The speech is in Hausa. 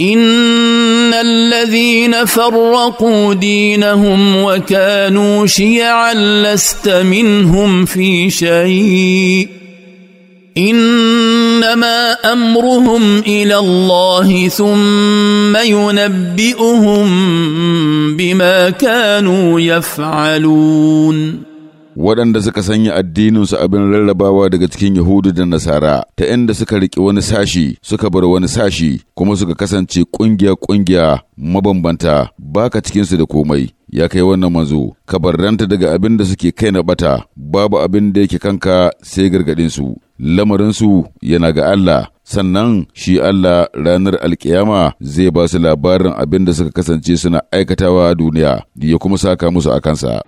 ان الذين فرقوا دينهم وكانوا شيعا لست منهم في شيء انما امرهم الى الله ثم ينبئهم بما كانوا يفعلون waɗanda suka sanya addininsu abin rarrabawa daga cikin Yahudu da Nasara, ta inda suka riƙe wani sashi suka bar wani sashi kuma suka kasance ƙungiya-ƙungiya mabambanta baka cikinsu da komai. Ya kai wannan manzo, ka barranta daga abin da suke kai na bata, babu abin da yake kanka sai gargaɗinsu, lamarinsu yana ga Allah, sannan shi Allah ranar alkiyama zai ba su labarin abin da suka kasance suna aikatawa a duniya, ya kuma saka musu a kansa.